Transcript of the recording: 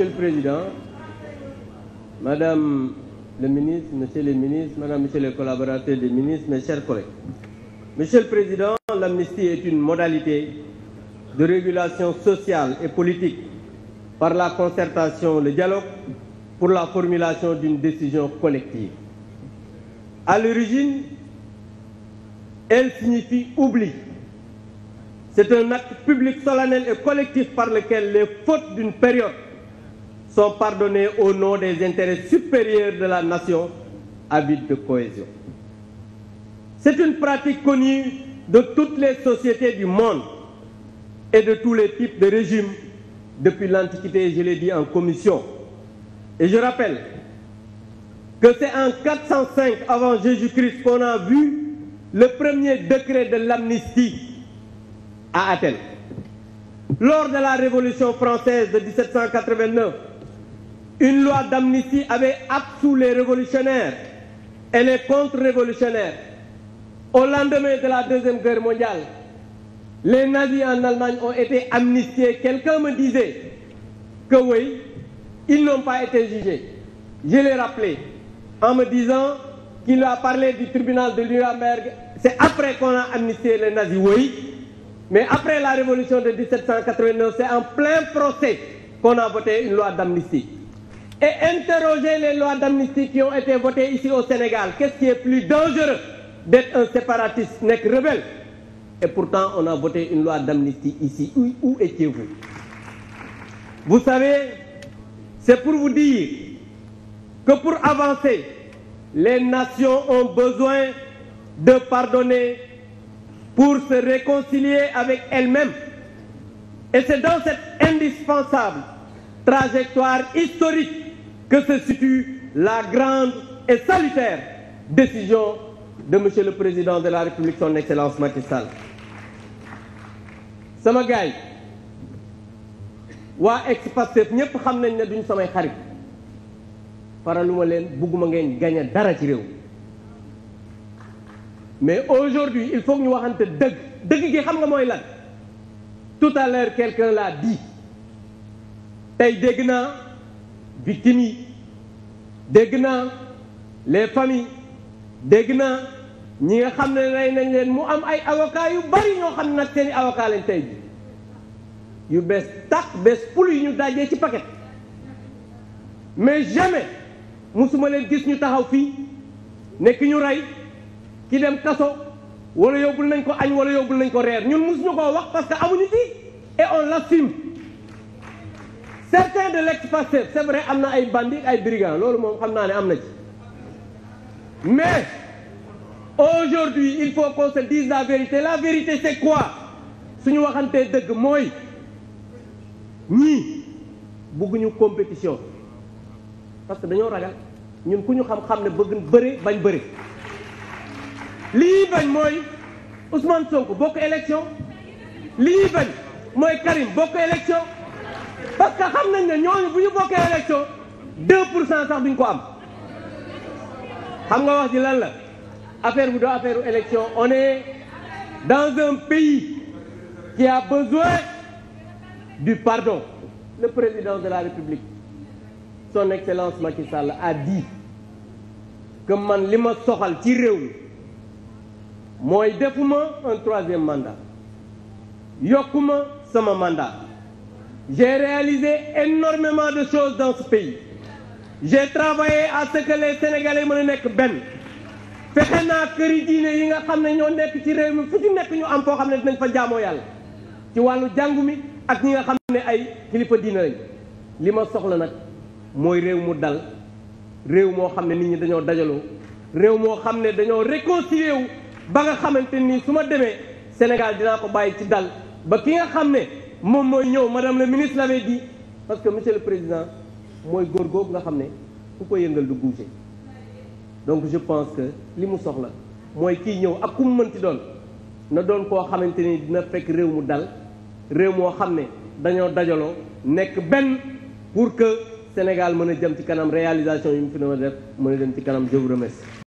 Monsieur le Président, Madame le ministre, Monsieur les ministres, Madame, Monsieur les collaborateurs des ministres, mes chers collègues. Monsieur le Président, l'amnistie est une modalité de régulation sociale et politique par la concertation, le dialogue, pour la formulation d'une décision collective. À l'origine, elle signifie oubli. C'est un acte public solennel et collectif par lequel les fautes d'une période sont pardonnés au nom des intérêts supérieurs de la nation avide de cohésion. C'est une pratique de toutes les sociétés du monde et de tous les types de régimes depuis l'Antiquité, je l'ai dit en commission. Et je rappelle que c'est en avant Jésus-Christ qu'on a le premier décret de l'amnistie à Athènes. Lors de la Révolution française de 1789, Une loi d'amnistie avait absous les révolutionnaires et les contre-révolutionnaires. Au lendemain de la Deuxième Guerre mondiale, les nazis en Allemagne ont été amnistiés. Quelqu'un me disait que oui, ils n'ont pas été jugés. Je l'ai rappelé en me disant qu'il a parlé du tribunal de Nuremberg. C'est après qu'on a amnistié les nazis, oui. Mais après la révolution de 1789, c'est en plein procès qu'on a voté une loi d'amnistie. et interroger les lois d'amnistie qui ont été votées ici au Sénégal. Qu'est-ce qui est plus dangereux d'être un séparatiste, n'est rebelle Et pourtant, on a voté une loi d'amnistie ici. Où, étiez-vous Vous savez, c'est pour vous dire que pour avancer, les nations ont besoin de pardonner pour se réconcilier avec elles-mêmes. Et c'est dans cette indispensable trajectoire historique que se situe la grande et salutaire décision de monsieur le président de la République son excellence Macky Sall sama gaay waa ex-Pastef ñépp xam nañ ne duñ samay xarit faraluma leen bugguma ngeen gañe dara ci réew mais aujourd'hui il faut ñu waxante dëgg dëgg gi xam nga mooy lan tout à l'heure quelqu'un l'a di tey dégg naa victime yi dégg naa les familles dégg naa ñi nga xam ne rey nañ leen mu am ay avocats yu bari ñoo xam ne nag seen i avocats lañ bi yu bees tax bees pul yu ñu dajee ci paket mais jamais mosuma leen gis ñu taxaw fii nekk ñu rey ki dem kaso wala yóbbul nañ ko añ wala yóbbul nañ ko reer ñun musuñu koo wax parce que amuñu ci et on l'assume certains de l'ex-Pastef c'est vrai am na ay bandits ay brigands loolu moom xam naa ne am na ci mais aujourd'hui il faut qu'on se dise la vérité la vérité c'est quoi suñu waxantee dëgg mooy ñii bëgguñu compétition parce que dañoo ragal ñun ku ñu xam-xam ne bëgg bëri bañ bëri lii bañ mooy Ousmane Sonko bokk élection lii bañ mooy Karim bokk élection parce que xam nañ ne ñooñu bu ñu bokkee élection de pour cent sax duñ ko am xam nga wax ji lan la affaire bu doo affaire u élection on est dans un pays qui a besoin du pardon le président de la République son excellence Macky Sall a dit que man li ma soxal ci réew mi mooy defuma un troisième mandat yokkuma sama mandat J'ai réalisé énormément de choses dans ce pays. J'ai travaillé à ce que les Sénégalais mën a nekk benn fexe naa këri diine yi nga xam ne ñoo nekk ci réew mi fu ci nekk ñu am foo xam ne dinañ fa jaamoo yàlla ci wàllu jàngu mi ak ñi nga xam ne ay kilifa diine lañ li ma soxla nag mooy réew mu dal réew moo xam ne nit ñi dañoo dajaloo réew moo xam ne dañoo réconcilier wu ba nga xamante nii su ma demee Sénégal dinaa ko bàyyi ci dal ba ki nga xam ne moom mooy ñëw madame la ministre l'avait dit parce que monsieur le président mooy góor googu nga xam ne ku ko yëngal du guuse donc je pense que li mu soxla mooy kii ñëw ak ku mu mënti doon na doon koo xamante ni dina fekk réew mu dal réew moo xam ne dañoo dajaloo nekk benn pour que Sénégal mën a jëm ci kanam réalisation yi mu fi na def mën a dem ci kanam je vous remercie